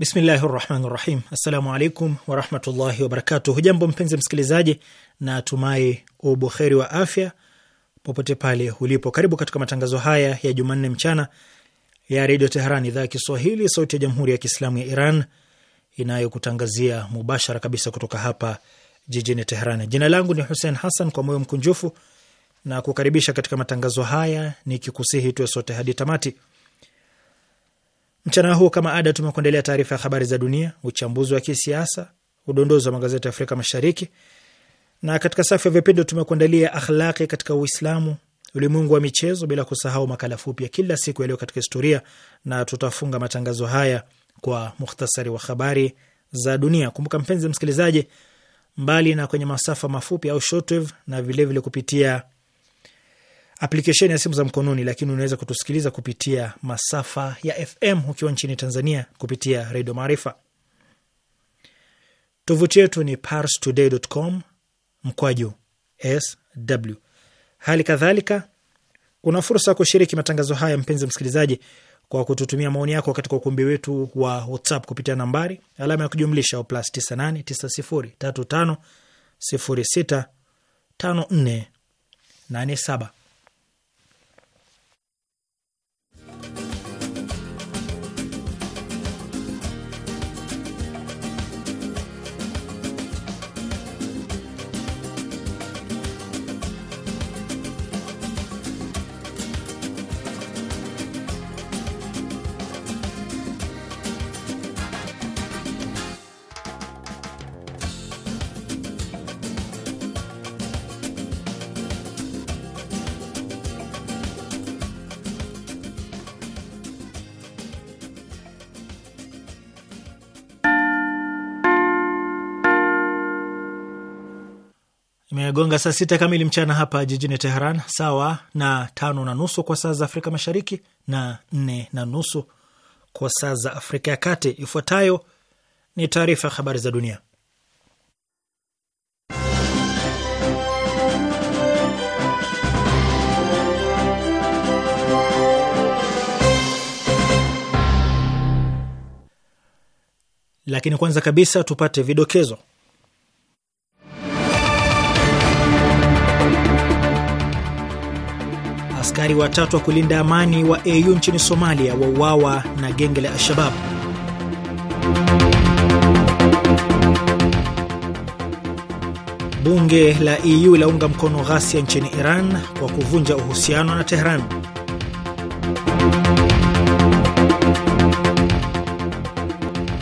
Bismillahi rahmani rahim. Assalamu alaikum warahmatullahi wabarakatuh. Hujambo mpenzi msikilizaji, na tumai ubuheri wa afya popote pale ulipo. Karibu katika matangazo haya ya Jumanne mchana ya Redio Teheran, idhaa ya Kiswahili, sauti ya Jamhuri ya Kiislamu ya Iran inayokutangazia mubashara kabisa kutoka hapa jijini Teheran. Jina langu ni Hussein Hassan, kwa moyo mkunjufu na kukaribisha katika matangazo haya nikikusihi tuwe sote hadi tamati. Mchana huu kama ada, tumekuandalia taarifa ya habari za dunia, uchambuzi wa kisiasa, udondozi wa magazeti ya Afrika Mashariki, na katika safu ya vipindi tumekuandalia akhlaki katika Uislamu, ulimwengu wa michezo, bila kusahau makala fupi ya kila siku yaliyo katika historia, na tutafunga matangazo haya kwa muhtasari wa habari za dunia. Kumbuka mpenzi msikilizaji, mbali na kwenye masafa mafupi au shortwave, na vilevile vile kupitia aplikesheni ya simu za mkononi, lakini unaweza kutusikiliza kupitia masafa ya FM ukiwa nchini Tanzania kupitia Redio Maarifa. Tovuti yetu ni parstoday.com mkwaju sw. Hali kadhalika una fursa ya kushiriki matangazo haya, mpenzi msikilizaji, kwa kututumia maoni yako katika ukumbi wetu wa WhatsApp kupitia nambari alama ya kujumlisha plus 989035065487. Imegonga saa sita kamili mchana hapa jijini Teheran, sawa na tano na nusu kwa saa za Afrika Mashariki na nne na nusu kwa saa za Afrika ya Kati. Ifuatayo ni taarifa ya habari za dunia, lakini kwanza kabisa tupate vidokezo Askari watatu wa kulinda amani wa AU nchini Somalia wauawa na genge la Al-Shabab. Bunge la EU launga mkono ghasia nchini Iran kwa kuvunja uhusiano na Tehran.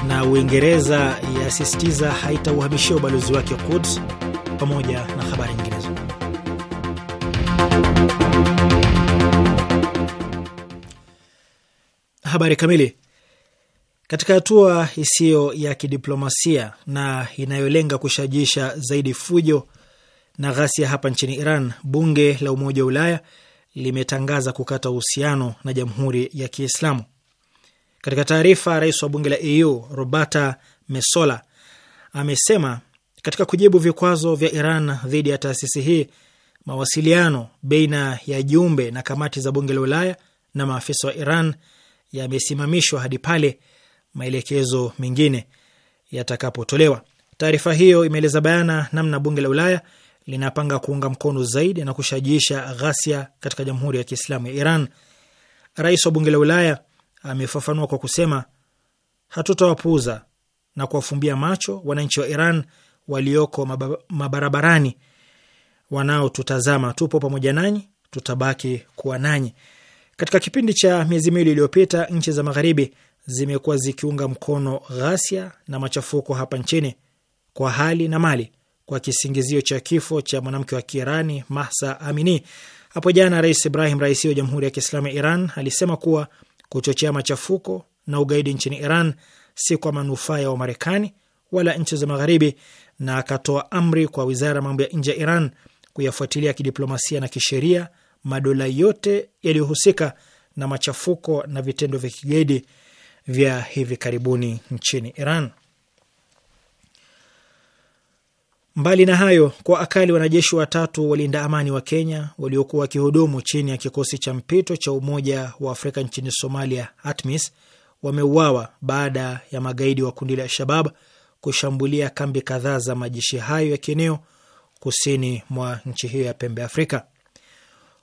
Na Uingereza yasisitiza haitauhamishia ubalozi wake Quds pamoja na Habari kamili. Katika hatua isiyo ya kidiplomasia na inayolenga kushajisha zaidi fujo na ghasia hapa nchini Iran, bunge la Umoja wa Ulaya limetangaza kukata uhusiano na Jamhuri ya Kiislamu. Katika taarifa, rais wa bunge la EU Roberta Metsola amesema katika kujibu vikwazo vya Iran dhidi ya taasisi hii, mawasiliano baina ya jumbe na kamati za bunge la Ulaya na maafisa wa Iran yamesimamishwa hadi pale maelekezo mengine yatakapotolewa. Taarifa hiyo imeeleza bayana namna bunge la Ulaya linapanga kuunga mkono zaidi na kushajiisha ghasia katika Jamhuri ya Kiislamu ya Iran. Rais wa bunge la Ulaya amefafanua kwa kusema, hatutawapuuza na kuwafumbia macho wananchi wa Iran walioko mabarabarani wanaotutazama. Tupo pamoja nanyi, tutabaki kuwa nanyi. Katika kipindi cha miezi miwili iliyopita, nchi za magharibi zimekuwa zikiunga mkono ghasia na machafuko hapa nchini kwa hali na mali kwa kisingizio cha kifo cha mwanamke wa Kiirani Mahsa Amini. Hapo jana Rais Ibrahim Raisi wa Jamhuri ya Kiislamu ya Iran alisema kuwa kuchochea machafuko na ugaidi nchini Iran si kwa manufaa ya Wamarekani wala nchi za Magharibi, na akatoa amri kwa wizara ya mambo ya nje ya Iran kuyafuatilia kidiplomasia na kisheria madola yote yaliyohusika na machafuko na vitendo vya kigaidi vya hivi karibuni nchini Iran. Mbali na hayo, kwa akali wanajeshi watatu walinda amani wa Kenya waliokuwa wakihudumu chini ya kikosi cha mpito cha Umoja wa Afrika nchini Somalia, ATMIS, wameuawa baada ya magaidi wa kundi la Al-Shabab kushambulia kambi kadhaa za majeshi hayo ya kieneo kusini mwa nchi hiyo ya pembe Afrika.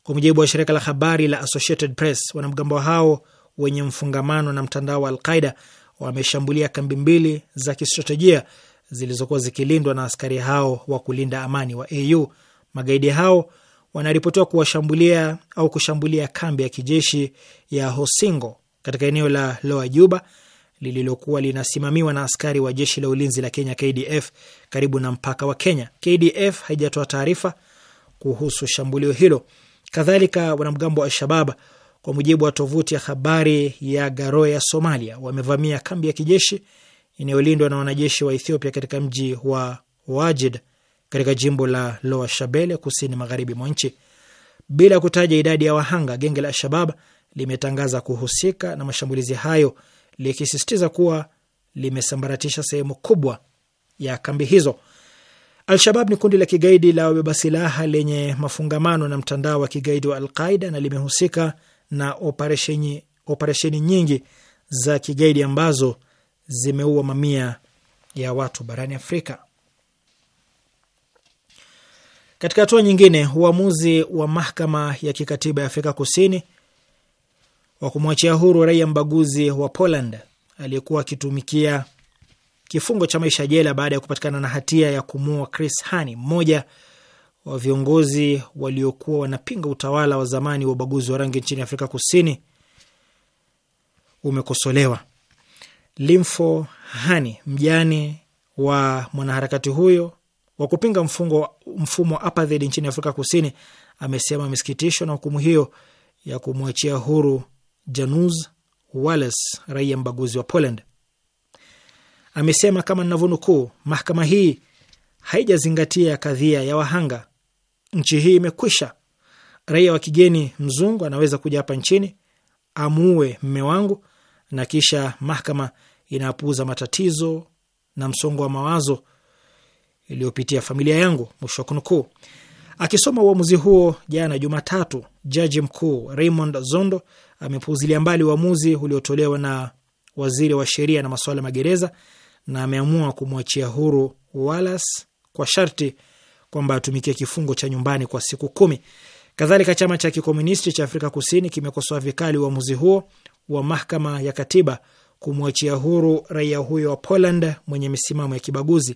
Kwa mujibu wa shirika la habari la Associated Press, wanamgambo hao wenye mfungamano na mtandao wa Alqaida wameshambulia kambi mbili za kistratejia zilizokuwa zikilindwa na askari hao wa kulinda amani wa AU. Magaidi hao wanaripotiwa kuwashambulia au kushambulia kambi ya kijeshi ya Hosingo katika eneo la Loa Juba lililokuwa linasimamiwa na askari wa jeshi la ulinzi la Kenya KDF karibu na mpaka wa Kenya. KDF haijatoa taarifa kuhusu shambulio hilo. Kadhalika, wanamgambo wa Al-Shabab, kwa mujibu wa tovuti ya habari ya ya Somalia, wamevamia kambi ya kijeshi inayolindwa na wanajeshi wa Ethiopia katika mji wa Wajid katika jimbo la loa shabele kusini magharibi mwa nchi. Bila kutaja idadi ya wahanga, genge la Al-Shabab limetangaza kuhusika na mashambulizi hayo likisisitiza kuwa limesambaratisha sehemu kubwa ya kambi hizo. Al-Shabab ni kundi la kigaidi la wabeba silaha lenye mafungamano na mtandao wa kigaidi wa Al-Qaida na limehusika na operesheni operesheni nyingi za kigaidi ambazo zimeua mamia ya watu barani Afrika. Katika hatua nyingine, uamuzi wa mahakama ya kikatiba ya Afrika Kusini wa kumwachia huru raia mbaguzi wa Poland aliyekuwa akitumikia kifungo cha maisha jela baada ya kupatikana na hatia ya kumua Chris Hani, mmoja wa viongozi waliokuwa wanapinga utawala wa zamani wa ubaguzi wa rangi nchini Afrika Kusini umekosolewa. Limfo Hani, mjane wa mwanaharakati huyo wa kupinga mfungo, mfumo wa apartheid nchini Afrika Kusini, amesema amesikitishwa na hukumu hiyo ya kumwachia huru Janusz Wales, raia mbaguzi wa Poland amesema kama ninavyonukuu, mahakama hii haijazingatia kadhia ya wahanga. Nchi hii imekwisha. Raia wa kigeni mzungu anaweza kuja hapa nchini amuue mme wangu, na kisha mahakama inapuuza matatizo na msongo wa mawazo iliyopitia familia yangu, mwisho wa kunukuu. Akisoma uamuzi huo jana Jumatatu, jaji mkuu Raymond Zondo amepuuzilia mbali uamuzi uliotolewa na waziri wa sheria na masuala magereza na ameamua kumwachia huru Wallace kwa sharti kwamba atumikie kifungo cha nyumbani kwa siku kumi. Kadhalika, chama cha kikomunisti cha Afrika Kusini kimekosoa vikali uamuzi huo wa mahakama ya katiba kumwachia huru raia huyo wa Poland mwenye misimamo ya kibaguzi.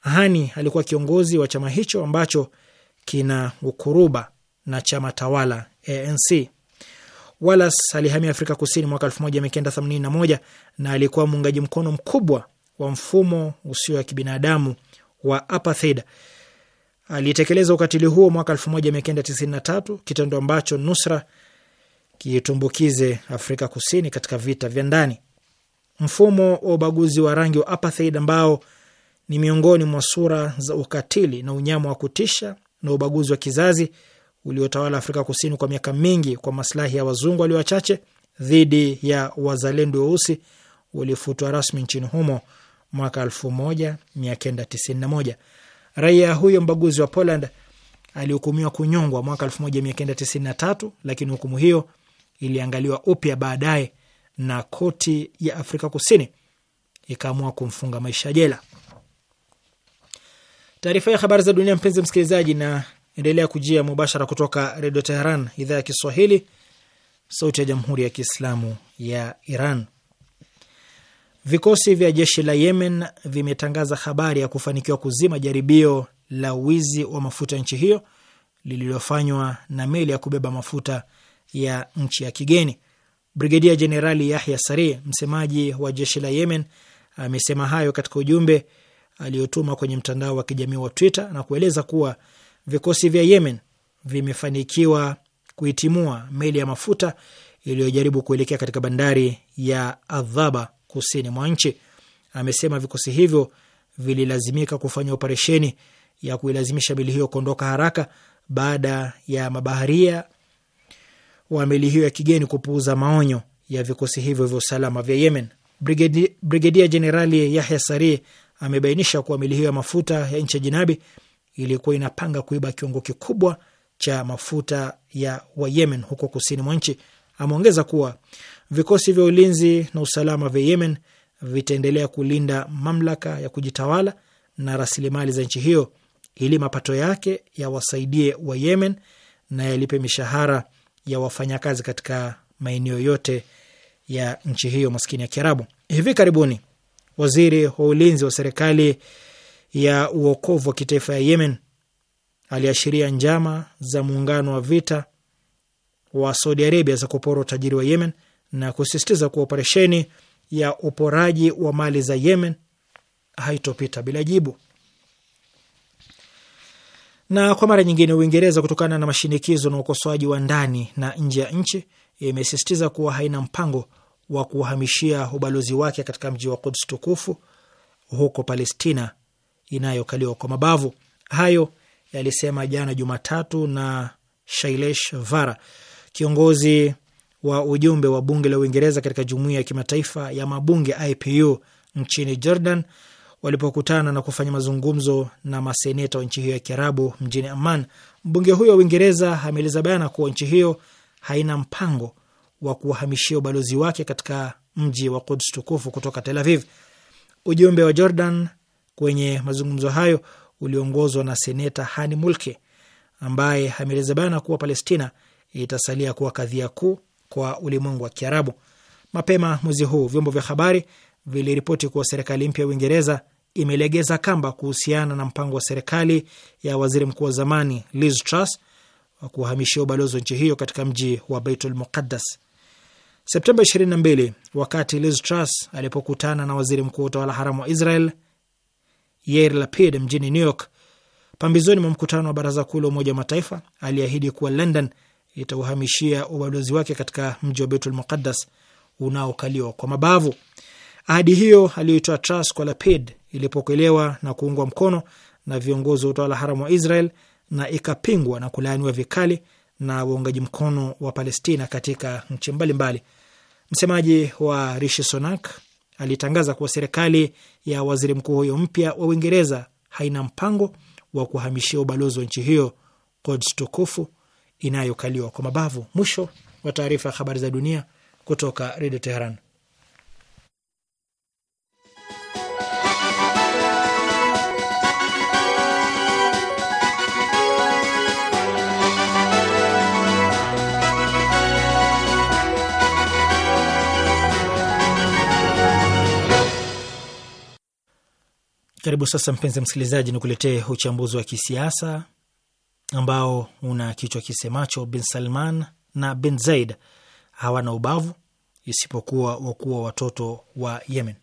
Hani alikuwa kiongozi wa chama hicho ambacho kina ukuruba na chama tawala ANC. Wallace alihamia Afrika Kusini mwaka 1981 na alikuwa muungaji mkono mkubwa wa mfumo usio wa kibinadamu wa apartheid. Alitekeleza ukatili huo mwaka 1993, kitendo ambacho nusra kiitumbukize Afrika Kusini katika vita vya ndani. Mfumo wa ubaguzi wa rangi wa apartheid ambao ni miongoni mwa sura za ukatili na unyama wa kutisha na ubaguzi wa kizazi uliotawala Afrika Kusini kwa miaka mingi kwa maslahi ya wazungu walio wachache dhidi ya wazalendo weusi ulifutwa rasmi nchini humo mwaka 1991. Raia huyo mbaguzi wa Poland alihukumiwa kunyongwa mwaka 1993, lakini hukumu hiyo iliangaliwa upya baadaye na koti ya Afrika Kusini ikaamua kumfunga maisha jela. Taarifa ya habari za dunia, mpenzi msikilizaji, na endelea kujia mubashara kutoka Redio Teheran, idhaa ya Kiswahili, sauti ya Jamhuri ya Kiislamu ya Iran. Vikosi vya jeshi la Yemen vimetangaza habari ya kufanikiwa kuzima jaribio la wizi wa mafuta nchi hiyo lililofanywa na meli ya kubeba mafuta ya nchi ya kigeni. Brigedia Jenerali Yahya Sari, msemaji wa jeshi la Yemen, amesema hayo katika ujumbe aliotuma kwenye mtandao wa kijamii wa Twitter na kueleza kuwa vikosi vya Yemen vimefanikiwa kuitimua meli ya mafuta iliyojaribu kuelekea katika bandari ya Adhaba kusini mwa nchi. Amesema vikosi hivyo vililazimika kufanya operesheni ya kuilazimisha meli hiyo kuondoka haraka baada ya mabaharia wa meli hiyo ya kigeni kupuuza maonyo ya vikosi hivyo vya usalama vya Yemen. Brigedi, Brigedia Jenerali Yahya Sari amebainisha kuwa meli hiyo ya mafuta ya nchi ya jinabi ilikuwa inapanga kuiba kiwango kikubwa cha mafuta ya Wayemen huko kusini mwa nchi. Ameongeza kuwa vikosi vya ulinzi na usalama vya Yemen vitaendelea kulinda mamlaka ya kujitawala na rasilimali za nchi hiyo ili mapato yake yawasaidie wa Yemen na yalipe mishahara ya wafanyakazi katika maeneo yote ya nchi hiyo maskini ya Kiarabu. Hivi karibuni waziri wa ulinzi wa serikali ya uokovu wa kitaifa ya Yemen aliashiria njama za muungano wa vita wa Saudi Arabia za kupora utajiri wa Yemen na kusisitiza kuwa operesheni ya uporaji wa mali za Yemen haitopita bila jibu. Na kwa mara nyingine, Uingereza kutokana na mashinikizo na ukosoaji wa ndani na nje ya nchi imesisitiza kuwa haina mpango wa kuhamishia ubalozi wake katika mji wa Quds tukufu huko Palestina inayokaliwa kwa mabavu. Hayo yalisema jana Jumatatu na Shailesh Vara, Kiongozi wa ujumbe wa bunge la Uingereza katika jumuiya ya kimataifa ya mabunge IPU nchini Jordan walipokutana na kufanya mazungumzo na maseneta wa nchi hiyo ya Kiarabu mjini Amman. Mbunge huyo wa Uingereza ameeleza bayana kuwa nchi hiyo haina mpango wa kuwahamishia ubalozi wake katika mji wa Kuds tukufu kutoka Tel Aviv. Ujumbe wa Jordan kwenye mazungumzo hayo uliongozwa na seneta Hani Mulke ambaye ameeleza bayana kuwa Palestina itasalia kuwa kadhia kuu kwa ulimwengu wa Kiarabu. Mapema mwezi huu vyombo vya habari viliripoti kuwa serikali mpya ya Uingereza imelegeza kamba kuhusiana na mpango wa serikali ya waziri mkuu wa zamani Liz Truss wa kuhamishia ubalozi wa nchi hiyo katika mji wa Baitul Muqaddas. Septemba 22, wakati Liz Truss alipokutana na waziri mkuu wa utawala haramu wa Israel Yair Lapid mjini New York, pambizoni mwa mkutano wa baraza kuu la Umoja wa Mataifa, aliahidi kuwa London itauhamishia ubalozi wake katika mji wa Beitul Muqaddas unaokaliwa kwa mabavu. Ahadi hiyo aliyoitoa Truss kwa Lapid ilipokelewa na kuungwa mkono na viongozi wa utawala haramu wa Israel na ikapingwa na kulaaniwa vikali na waungaji mkono wa Palestina katika nchi mbalimbali. Msemaji wa Rishi Sunak alitangaza kuwa serikali ya waziri mkuu huyo mpya wa Uingereza haina mpango wa kuhamishia ubalozi wa nchi hiyo Kods tukufu inayokaliwa kwa mabavu. Mwisho wa taarifa ya habari za dunia kutoka Redio Teheran. Karibu sasa, mpenzi msikilizaji, ni kuletee uchambuzi wa kisiasa ambao una kichwa kisemacho bin Salman na bin Zaid hawana ubavu isipokuwa wakuwa watoto wa Yemen.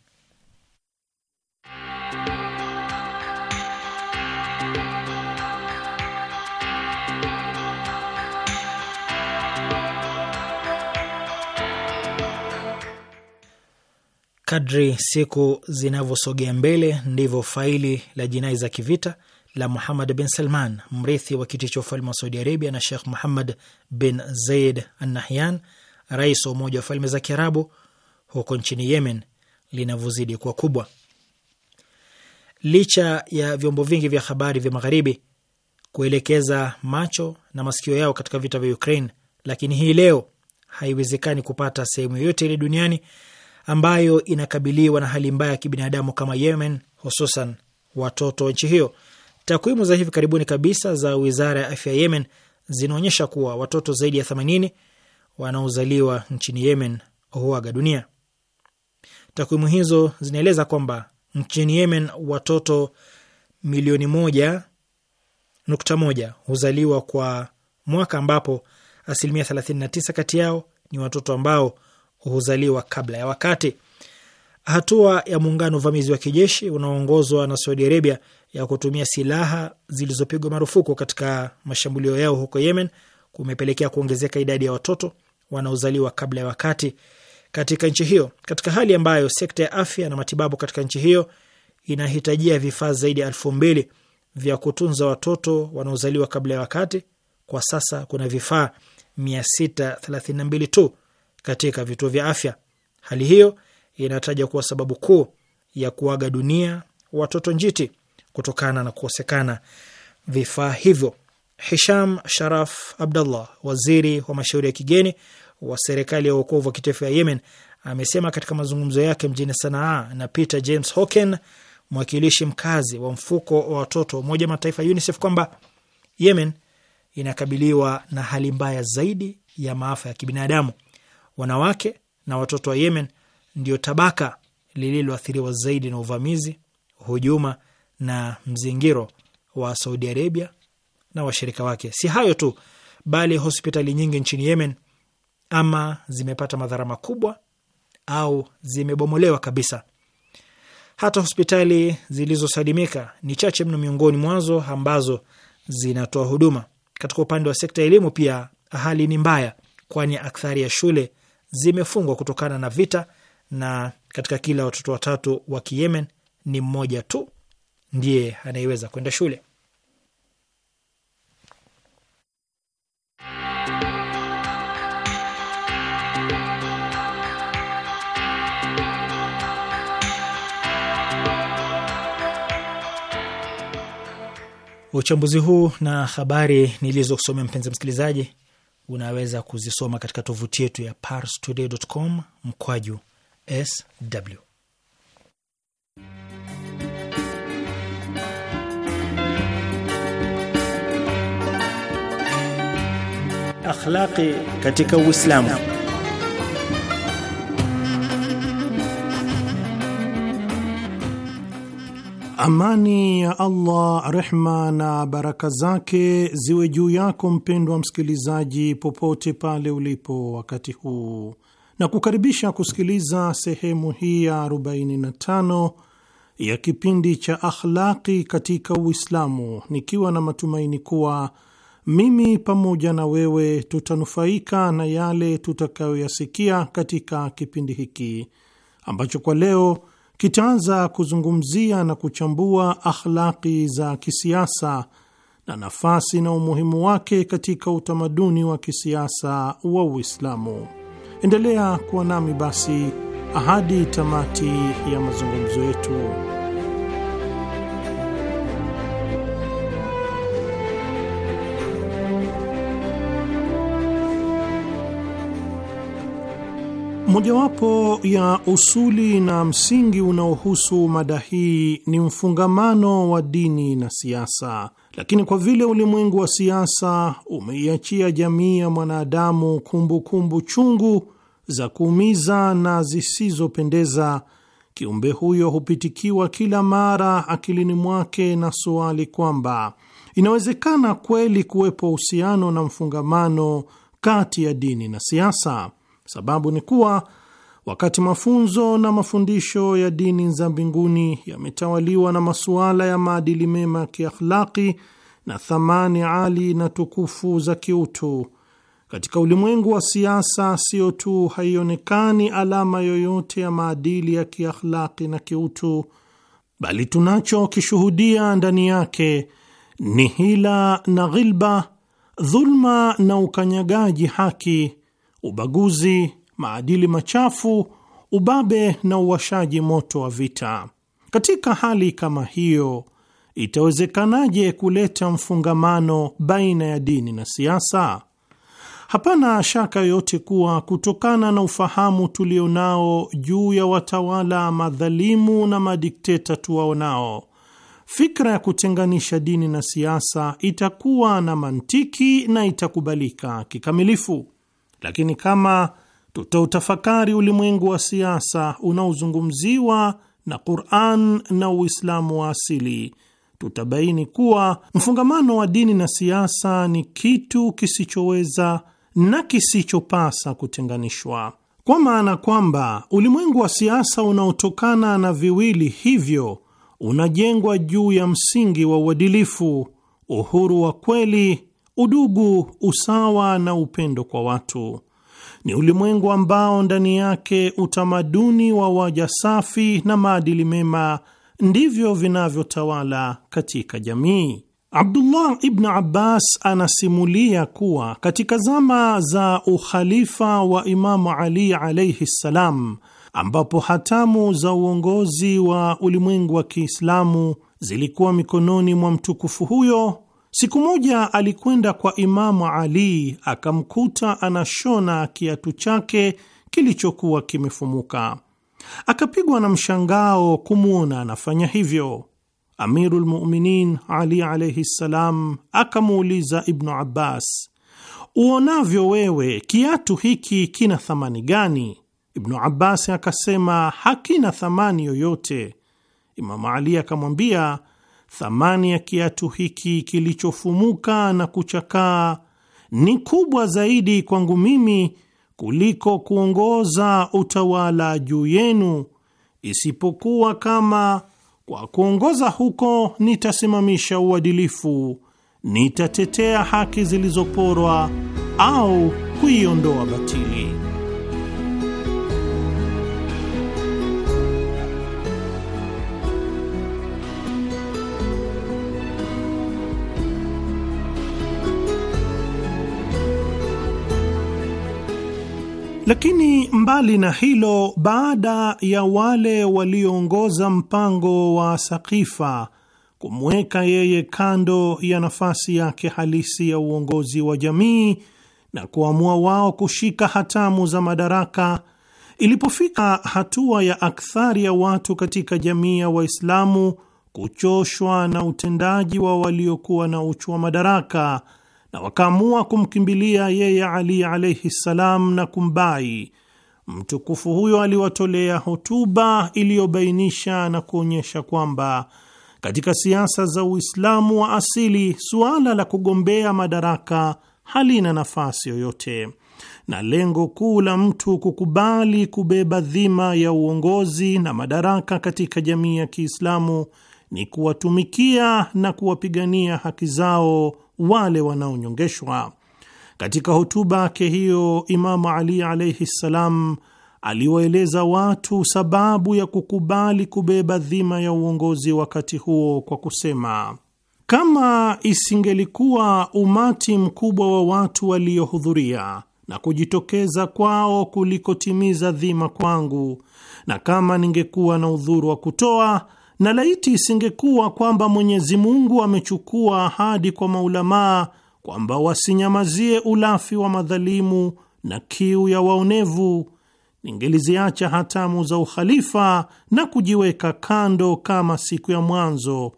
Kadri siku zinavyosogea mbele ndivyo faili la jinai za kivita la Muhammad bin Salman, mrithi wa kiti cha ufalme wa Saudi Arabia, na Shekh Muhammad bin Zaid Al Nahyan, rais wa Umoja wa Falme za Kiarabu, huko nchini Yemen linavyozidi kuwa kubwa. Licha ya vyombo vingi vya habari vya Magharibi kuelekeza macho na masikio yao katika vita vya Ukraine, lakini hii leo haiwezekani kupata sehemu yoyote ile duniani ambayo inakabiliwa na hali mbaya ya kibinadamu kama Yemen, hususan watoto wa nchi hiyo. Takwimu za hivi karibuni kabisa za wizara ya afya ya Yemen zinaonyesha kuwa watoto zaidi ya 80 wanaozaliwa nchini Yemen huaga dunia. Takwimu hizo zinaeleza kwamba nchini Yemen watoto milioni moja nukta moja huzaliwa kwa mwaka ambapo asilimia 39 kati yao ni watoto ambao huzaliwa kabla ya wakati. Hatua ya muungano uvamizi wa kijeshi unaoongozwa na Saudi Arabia ya kutumia silaha zilizopigwa marufuku katika mashambulio yao huko Yemen kumepelekea kuongezeka idadi ya watoto wanaozaliwa kabla ya wakati katika nchi hiyo, katika hali ambayo sekta ya afya na matibabu katika nchi hiyo inahitajia vifaa zaidi ya elfu mbili vya kutunza watoto wanaozaliwa kabla ya wakati. Kwa sasa kuna vifaa 632 tu katika vituo vya afya. Hali hiyo inataja kuwa sababu kuu ya kuaga dunia watoto njiti kutokana na kukosekana vifaa hivyo. Hisham Sharaf Abdullah, waziri wa mashauri ya kigeni wa serikali ya uokovu wa kitaifa ya Yemen, amesema katika mazungumzo yake mjini Sanaa na Peter James Hocken, mwakilishi mkazi wa mfuko wa watoto Umoja wa Mataifa UNICEF, kwamba Yemen inakabiliwa na hali mbaya zaidi ya maafa ya kibinadamu. Wanawake na watoto wa Yemen ndio tabaka lililoathiriwa zaidi na uvamizi, hujuma na mzingiro wa Saudi Arabia na washirika wake. Si hayo tu, bali hospitali nyingi nchini Yemen ama zimepata madhara makubwa au zimebomolewa kabisa. Hata hospitali zilizosalimika ni chache mno miongoni mwazo ambazo zinatoa huduma. Katika upande wa sekta ya elimu pia hali ni mbaya, kwani akthari ya shule zimefungwa kutokana na vita, na katika kila watoto watatu wa Kiyemen ni mmoja tu ndiye anayeweza kwenda shule. Uchambuzi huu na habari nilizokusomea, mpenzi msikilizaji, unaweza kuzisoma katika tovuti yetu ya parstoday.com mkwaju sw akhlaqi katika Uislamu. Amani ya Allah, rehma na baraka zake ziwe juu yako mpendwa msikilizaji, popote pale ulipo wakati huu, na kukaribisha kusikiliza sehemu hii ya 45 ya kipindi cha akhlaqi katika Uislamu, nikiwa na matumaini kuwa mimi pamoja na wewe tutanufaika na yale tutakayoyasikia katika kipindi hiki ambacho kwa leo kitaanza kuzungumzia na kuchambua akhlaki za kisiasa na nafasi na umuhimu wake katika utamaduni wa kisiasa wa Uislamu. Endelea kuwa nami basi ahadi tamati ya mazungumzo yetu. Mojawapo ya usuli na msingi unaohusu mada hii ni mfungamano wa dini na siasa, lakini kwa vile ulimwengu wa siasa umeiachia jamii ya mwanadamu kumbukumbu chungu za kuumiza na zisizopendeza, kiumbe huyo hupitikiwa kila mara akilini mwake na suali kwamba inawezekana kweli kuwepo uhusiano na mfungamano kati ya dini na siasa. Sababu ni kuwa wakati mafunzo na mafundisho ya dini za mbinguni yametawaliwa na masuala ya maadili mema ya kiakhlaki na thamani ali na tukufu za kiutu, katika ulimwengu wa siasa siyo tu haionekani alama yoyote ya maadili ya kiakhlaki na kiutu, bali tunachokishuhudia ndani yake ni hila na ghilba, dhulma na ukanyagaji haki ubaguzi, maadili machafu, ubabe na uwashaji moto wa vita. Katika hali kama hiyo, itawezekanaje kuleta mfungamano baina ya dini na siasa? Hapana shaka yoyote kuwa kutokana na ufahamu tulio nao juu ya watawala madhalimu na madikteta tuwaonao, fikra ya kutenganisha dini na siasa itakuwa na mantiki na itakubalika kikamilifu. Lakini kama tutautafakari ulimwengu wa siasa unaozungumziwa na Qur'an na Uislamu wa asili, tutabaini kuwa mfungamano wa dini na siasa ni kitu kisichoweza na kisichopasa kutenganishwa, kwa maana kwamba ulimwengu wa siasa unaotokana na viwili hivyo unajengwa juu ya msingi wa uadilifu, uhuru wa kweli udugu, usawa na upendo kwa watu. Ni ulimwengu ambao ndani yake utamaduni wa waja safi na maadili mema ndivyo vinavyotawala katika jamii. Abdullah ibn Abbas anasimulia kuwa katika zama za ukhalifa wa Imamu Ali alaihi ssalam, ambapo hatamu za uongozi wa ulimwengu wa Kiislamu zilikuwa mikononi mwa mtukufu huyo Siku moja alikwenda kwa Imamu Ali akamkuta anashona kiatu chake kilichokuwa kimefumuka. Akapigwa na mshangao kumwona anafanya hivyo. Amirul Muminin Ali alaihi ssalam akamuuliza Ibnu Abbas, uonavyo wewe kiatu hiki kina thamani gani? Ibnu Abbas akasema hakina thamani yoyote. Imamu Ali akamwambia thamani ya kiatu hiki kilichofumuka na kuchakaa ni kubwa zaidi kwangu mimi kuliko kuongoza utawala juu yenu, isipokuwa kama kwa kuongoza huko nitasimamisha uadilifu, nitatetea haki zilizoporwa au kuiondoa batili. Lakini mbali na hilo, baada ya wale walioongoza mpango wa Sakifa kumweka yeye kando ya nafasi yake halisi ya uongozi wa jamii na kuamua wao kushika hatamu za madaraka, ilipofika hatua ya akthari ya watu katika jamii ya Waislamu kuchoshwa na utendaji wa waliokuwa na uchu wa madaraka na wakaamua kumkimbilia yeye Ali alaihi ssalam na kumbai. Mtukufu huyo aliwatolea hotuba iliyobainisha na kuonyesha kwamba katika siasa za Uislamu wa asili suala la kugombea madaraka halina nafasi yoyote, na lengo kuu la mtu kukubali kubeba dhima ya uongozi na madaraka katika jamii ya Kiislamu ni kuwatumikia na kuwapigania haki zao wale wanaonyongeshwa. Katika hotuba yake hiyo, Imamu Ali alaihi ssalam aliwaeleza watu sababu ya kukubali kubeba dhima ya uongozi wakati huo kwa kusema, kama isingelikuwa umati mkubwa wa watu waliohudhuria na kujitokeza kwao kulikotimiza dhima kwangu, na kama ningekuwa na udhuru wa kutoa na laiti isingekuwa kwamba Mwenyezi Mungu amechukua ahadi kwa maulamaa kwamba wasinyamazie ulafi wa madhalimu na kiu ya waonevu, ningeliziacha hatamu za ukhalifa na kujiweka kando kama siku ya mwanzo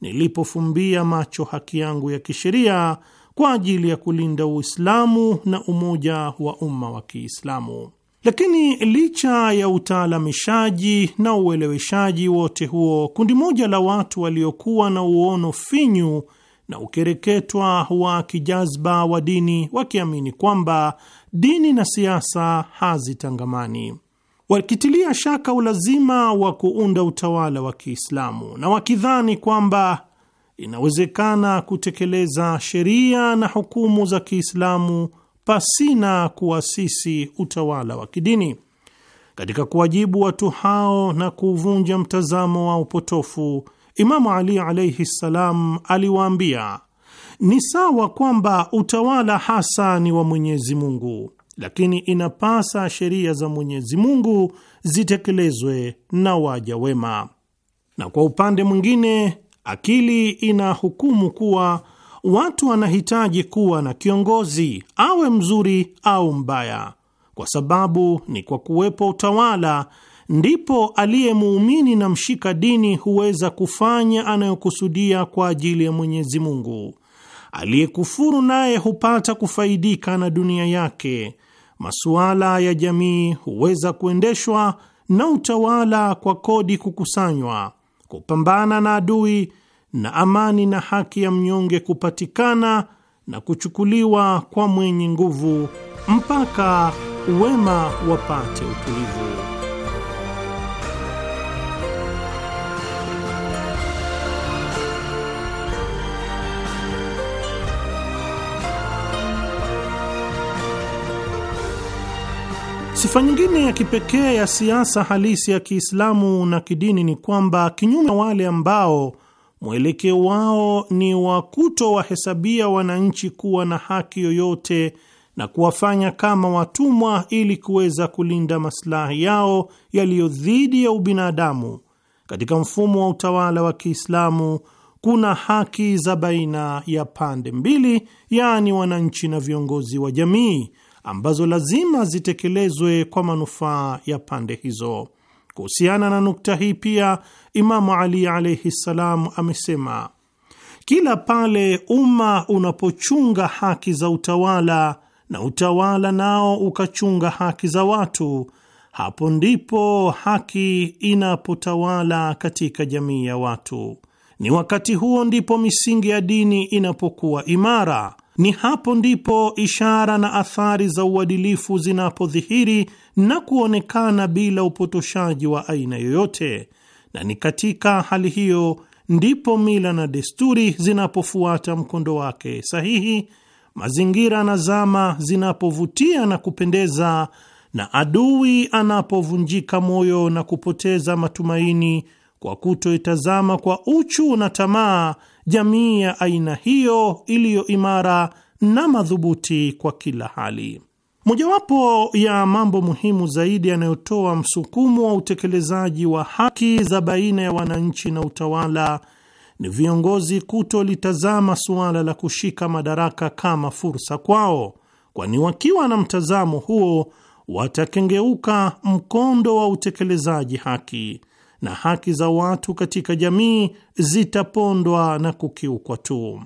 nilipofumbia macho haki yangu ya kisheria kwa ajili ya kulinda Uislamu na umoja wa umma wa Kiislamu. Lakini licha ya utaalamishaji na ueleweshaji wote huo, kundi moja la watu waliokuwa na uono finyu na ukereketwa wa kijazba wa dini, wakiamini kwamba dini na siasa hazitangamani, wakitilia shaka ulazima wa kuunda utawala wa Kiislamu na wakidhani kwamba inawezekana kutekeleza sheria na hukumu za Kiislamu pasina kuasisi utawala wa kidini. Katika kuwajibu watu hao na kuvunja mtazamo wa upotofu, Imamu Ali alaihi ssalam aliwaambia ni sawa kwamba utawala hasa ni wa Mwenyezi Mungu, lakini inapasa sheria za Mwenyezi Mungu zitekelezwe na waja wema. Na kwa upande mwingine, akili ina hukumu kuwa watu wanahitaji kuwa na kiongozi, awe mzuri au mbaya, kwa sababu ni kwa kuwepo utawala ndipo aliye muumini na mshika dini huweza kufanya anayokusudia kwa ajili ya Mwenyezi Mungu. Aliyekufuru naye hupata kufaidika na dunia yake. Masuala ya jamii huweza kuendeshwa na utawala kwa kodi kukusanywa, kupambana na adui na amani na haki ya mnyonge kupatikana na kuchukuliwa kwa mwenye nguvu mpaka wema wapate utulivu. Sifa nyingine ya kipekee ya siasa halisi ya Kiislamu na kidini ni kwamba, kinyume na wale ambao mwelekeo wao ni wa kutowahesabia wananchi kuwa na haki yoyote na kuwafanya kama watumwa ili kuweza kulinda maslahi yao yaliyo dhidi ya ubinadamu. Katika mfumo wa utawala wa Kiislamu kuna haki za baina ya pande mbili, yaani wananchi na viongozi wa jamii, ambazo lazima zitekelezwe kwa manufaa ya pande hizo. Kuhusiana na nukta hii pia, Imamu Ali alaihi ssalam amesema kila pale umma unapochunga haki za utawala na utawala nao ukachunga haki za watu, hapo ndipo haki inapotawala katika jamii ya watu. Ni wakati huo ndipo misingi ya dini inapokuwa imara ni hapo ndipo ishara na athari za uadilifu zinapodhihiri na kuonekana bila upotoshaji wa aina yoyote, na ni katika hali hiyo ndipo mila na desturi zinapofuata mkondo wake sahihi, mazingira na zama zinapovutia na kupendeza, na adui anapovunjika moyo na kupoteza matumaini kwa kutoitazama kwa uchu na tamaa jamii ya aina hiyo iliyo imara na madhubuti kwa kila hali. Mojawapo ya mambo muhimu zaidi yanayotoa msukumo wa utekelezaji wa haki za baina ya wananchi na utawala ni viongozi kutolitazama suala la kushika madaraka kama fursa kwao, kwani wakiwa na mtazamo huo watakengeuka mkondo wa utekelezaji haki na haki za watu katika jamii zitapondwa na kukiukwa tu.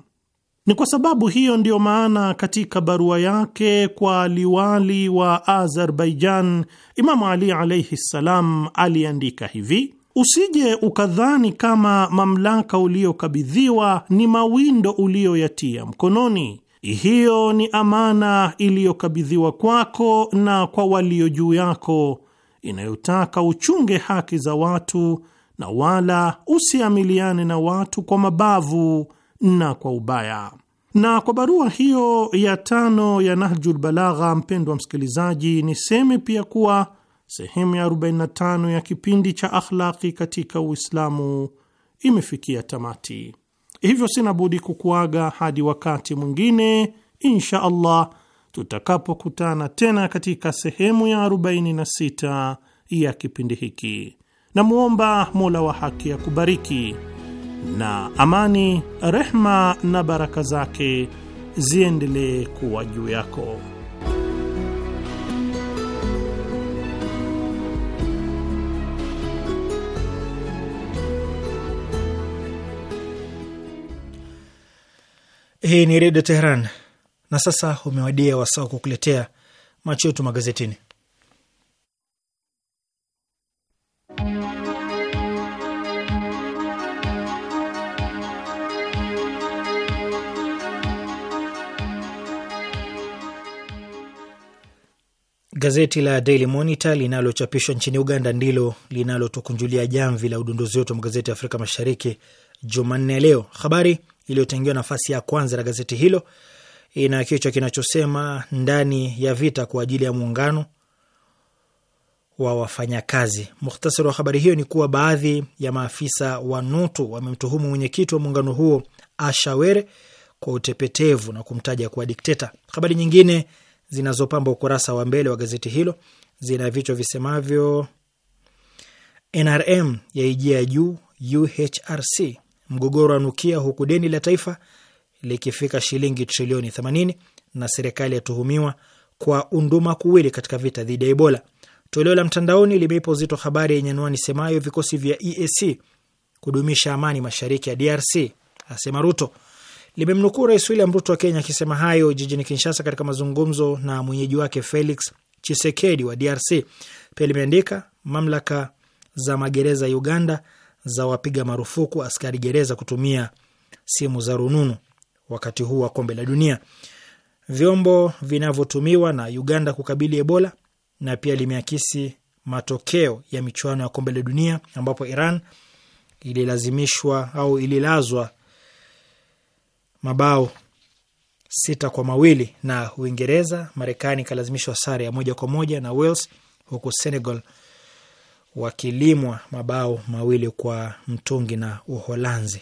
Ni kwa sababu hiyo ndiyo maana katika barua yake kwa liwali wa Azerbaijan, Imamu Ali alaihi ssalam aliandika hivi: usije ukadhani kama mamlaka uliyokabidhiwa ni mawindo uliyoyatia mkononi. Hiyo ni amana iliyokabidhiwa kwako na kwa walio juu yako inayotaka uchunge haki za watu na wala usiamiliane na watu kwa mabavu na kwa ubaya. Na kwa barua hiyo ya tano ya Nahjul Balagha, mpendwa msikilizaji, niseme pia kuwa sehemu ya 45 ya kipindi cha akhlaqi katika Uislamu imefikia tamati. Hivyo sina budi kukuaga hadi wakati mwingine insha Allah tutakapokutana tena katika sehemu ya 46 ya kipindi hiki. Namwomba Mola wa haki akubariki, na amani, rehma na baraka zake ziendelee kuwa juu yako. Hii ni Redio Teheran. Na sasa umewadia wasaa wa kukuletea macho yetu magazetini. Gazeti la Daily Monitor linalochapishwa nchini Uganda ndilo linalotukunjulia jamvi la udunduzi wetu wa magazeti ya Afrika Mashariki Jumanne ya leo. Habari iliyotengewa nafasi ya kwanza la gazeti hilo ina kichwa kinachosema ndani ya vita kwa ajili ya muungano wa wafanyakazi. Muhtasari wa habari hiyo ni kuwa baadhi ya maafisa wa NUTU wamemtuhumu mwenyekiti wa muungano huo Ashawere kwa utepetevu na kumtaja kuwa dikteta. Habari nyingine zinazopamba ukurasa wa mbele wa gazeti hilo zina vichwa visemavyo: NRM yaijia juu, UHRC mgogoro wa nukia, huku deni la taifa likifika shilingi trilioni 80 na serikali yatuhumiwa kwa unduma kuwili katika vita dhidi ya Ebola. Toleo la mtandaoni limeipa uzito habari yenye anwani semayo vikosi vya EAC kudumisha amani mashariki ya DRC, asema Ruto. Limemnukuu Rais William Ruto wa Kenya akisema hayo jijini Kinshasa katika mazungumzo na mwenyeji wake Felix Chisekedi wa DRC. Pia limeandika mamlaka za magereza Uganda za wapiga marufuku askari gereza kutumia simu za rununu wakati huu wa kombe la dunia. Vyombo vinavyotumiwa na Uganda kukabili Ebola na pia limeakisi matokeo ya michuano ya kombe la dunia ambapo Iran ililazimishwa au ililazwa mabao sita kwa mawili na Uingereza. Marekani ikalazimishwa sare ya moja kwa moja na Wales, huku Senegal wakilimwa mabao mawili kwa mtungi na Uholanzi.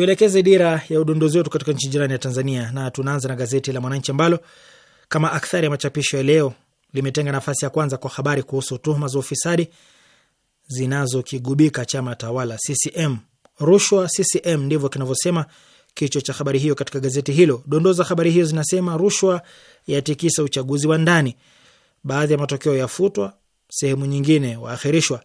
Tuelekeze dira ya udondozi wetu katika nchi jirani ya Tanzania, na tunaanza na gazeti la Mwananchi ambalo kama akthari ya machapisho ya leo limetenga nafasi ya kwanza kwa habari kuhusu tuhuma za ufisadi zinazokigubika chama tawala CCM. Rushwa CCM, ndivyo kinavyosema kichwa cha habari hiyo katika gazeti hilo. Dondoo za habari hiyo zinasema: rushwa yatikisa uchaguzi wa ndani, baadhi ya matokeo yafutwa, sehemu nyingine waakhirishwa,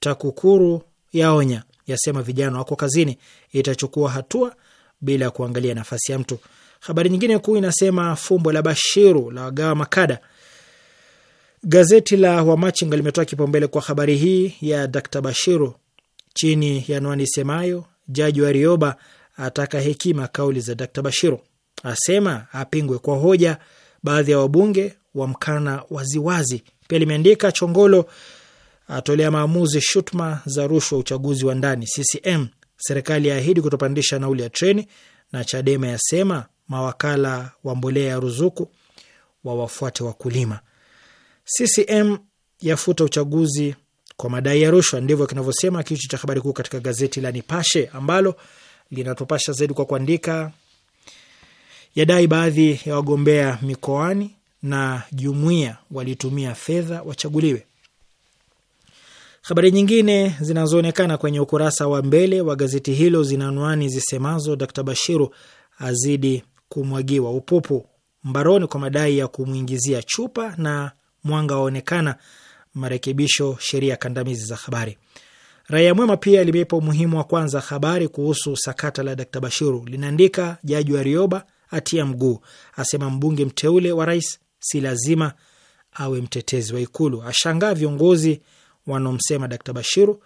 TAKUKURU yaonya yasema vijana wako kazini, itachukua hatua bila kuangalia nafasi ya mtu. Habari nyingine kuu inasema fumbo la Bashiru la wagawa makada. Gazeti la Wamachinga limetoa kipaumbele kwa habari hii ya Dr Bashiru chini ya anwani semayo Jaji Warioba ataka hekima kauli za Dr Bashiru, asema apingwe kwa hoja, baadhi ya wabunge wamkana waziwazi. Pia limeandika Chongolo atolea maamuzi shutuma za rushwa uchaguzi wa ndani. CCM, serikali yaahidi kutopandisha nauli ya treni, na Chadema yasema mawakala wa mbolea ya ruzuku wa wafuate wakulima. CCM yafuta uchaguzi kwa madai ya rushwa, ndivyo kinavyosema kichwa cha habari kuu katika gazeti la Nipashe ambalo linatupasha zaidi kwa kuandika yadai baadhi ya wagombea mikoani na jumuiya walitumia fedha wachaguliwe. Habari nyingine zinazoonekana kwenye ukurasa wa mbele wa gazeti hilo zina anwani zisemazo: d Bashiru azidi kumwagiwa upupu, mbaroni kwa madai ya kumwingizia chupa, na mwanga waonekana marekebisho sheria kandamizi za habari. Raia Mwema pia limeipa umuhimu wa kwanza habari kuhusu sakata la Dr Bashiru. Linaandika jaji rioba atia mguu, asema mbunge mteule wa rais si lazima awe mtetezi wa Ikulu, ashangaa viongozi wanaomsema Dkt Bashiru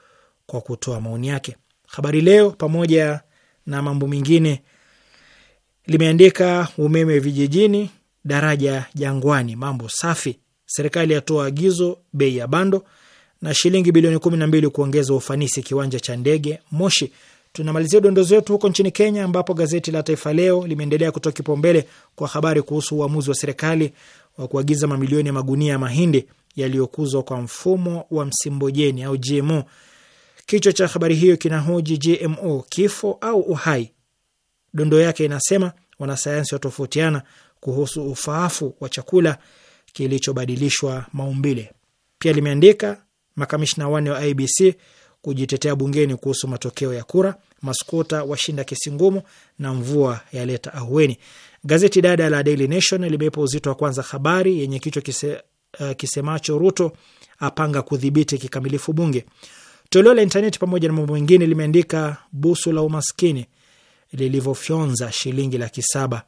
kwa kutoa maoni yake. Habari Leo pamoja na mambo mengine limeandika umeme vijijini, daraja Jangwani mambo safi, serikali yatoa agizo, bei ya bando na shilingi bilioni kumi na mbili kuongeza ufanisi kiwanja cha ndege Moshi. Tunamalizia udondozi wetu huko nchini Kenya, ambapo gazeti la Taifa Leo limeendelea kutoa kipaumbele kwa habari kuhusu uamuzi wa serikali wa kuagiza mamilioni ya magunia ya mahindi yaliyokuzwa kwa mfumo wa msimbojeni au GMO. Kichwa cha habari hiyo kinahoji GMO, kifo au uhai? Dondo yake inasema wanasayansi watofautiana kuhusu ufaafu wa chakula kilichobadilishwa maumbile. Pia limeandika makamishna wanne wa IBC kujitetea bungeni kuhusu matokeo ya kura, maskota washinda kesi ngumu, na mvua yaleta ahueni. Gazeti dada la Daily Nation limeipa uzito wa kwanza habari yenye kichwa Eh, kisemacho Ruto apanga kudhibiti kikamilifu bunge. Toleo la intaneti pamoja na mambo mengine limeandika busu la umaskini lilivyofyonza shilingi laki saba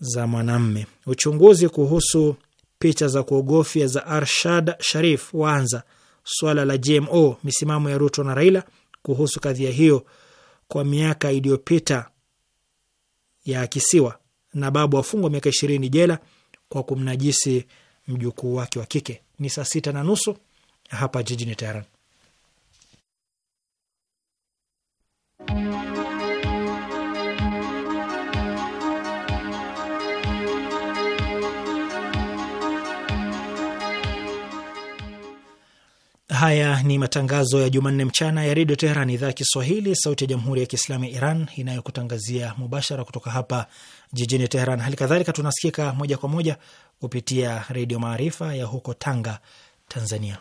za mwanamme. Uchunguzi kuhusu picha za kuogofya za Arshad Sharif waanza. Swala la GMO, misimamo ya Ruto na Raila kuhusu kadhia hiyo kwa miaka iliyopita ya kisiwa, na babu afungwa miaka ishirini jela kwa kumnajisi mjukuu wake wa kike. Ni saa sita na nusu hapa jijini Teheran. Haya ni matangazo ya Jumanne mchana ya redio Teheran, idhaa ya Kiswahili, sauti ya jamhuri ya kiislamu ya Iran, inayokutangazia mubashara kutoka hapa jijini Teheran. Hali kadhalika tunasikika moja kwa moja kupitia Redio Maarifa ya huko Tanga, Tanzania.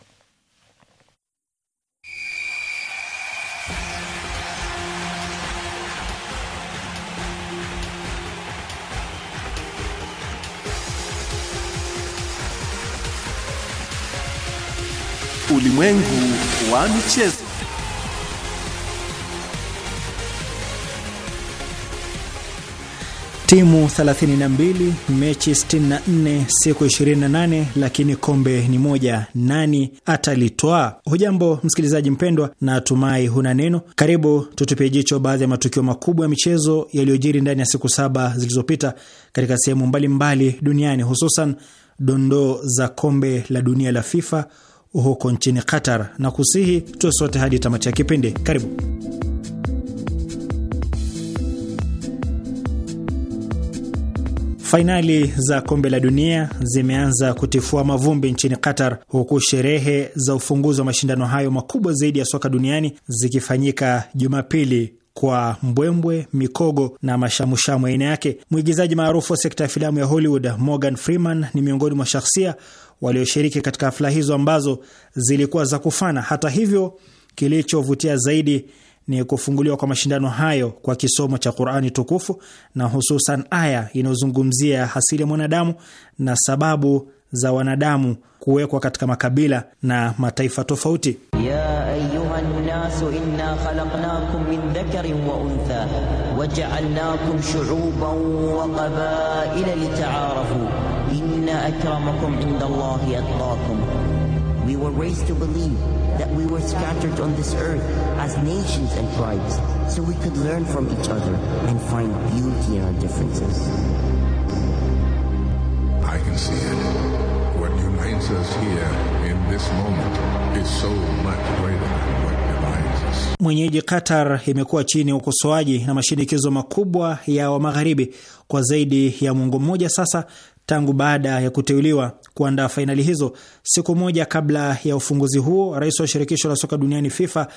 Ulimwengu wa michezo. timu 32 mechi 64 siku 28, lakini kombe ni moja. Nani atalitoa? Hujambo msikilizaji mpendwa, na atumai huna neno. Karibu tutupie jicho baadhi ya matukio makubwa ya michezo yaliyojiri ndani ya siku saba zilizopita katika sehemu mbalimbali duniani, hususan dondoo za kombe la dunia la FIFA huko nchini Qatar, na kusihi tuwe sote hadi tamati ya kipindi. Karibu. Fainali za kombe la dunia zimeanza kutifua mavumbi nchini Qatar, huku sherehe za ufunguzi wa mashindano hayo makubwa zaidi ya soka duniani zikifanyika Jumapili kwa mbwembwe, mikogo na mashamushamu aina yake. Mwigizaji maarufu wa sekta ya filamu ya Hollywood Morgan Freeman ni miongoni mwa shahsia walioshiriki katika hafla hizo ambazo zilikuwa za kufana. Hata hivyo, kilichovutia zaidi ni kufunguliwa kwa mashindano hayo kwa kisomo cha Qur'ani tukufu na hususan aya inayozungumzia asili ya mwanadamu na sababu za wanadamu kuwekwa katika makabila na mataifa tofauti. ya ayuhan nasu inna khalaqnakum min dhakarin wa untha waja'alnakum shu'uban wa qabaila litaarafu inna akramakum inda Allahi atqakum We were raised to believe that we were scattered on this earth as nations and tribes so we could learn from each other and find beauty in our differences. I can see it. What unites us here in this moment is so much greater than what Mwenyeji Qatar imekuwa chini ya ukosoaji na mashinikizo makubwa ya wa magharibi kwa zaidi ya mwongo mmoja sasa tangu baada ya kuteuliwa kuandaa fainali hizo. Siku moja kabla ya ufunguzi huo, rais wa shirikisho la soka duniani FIFA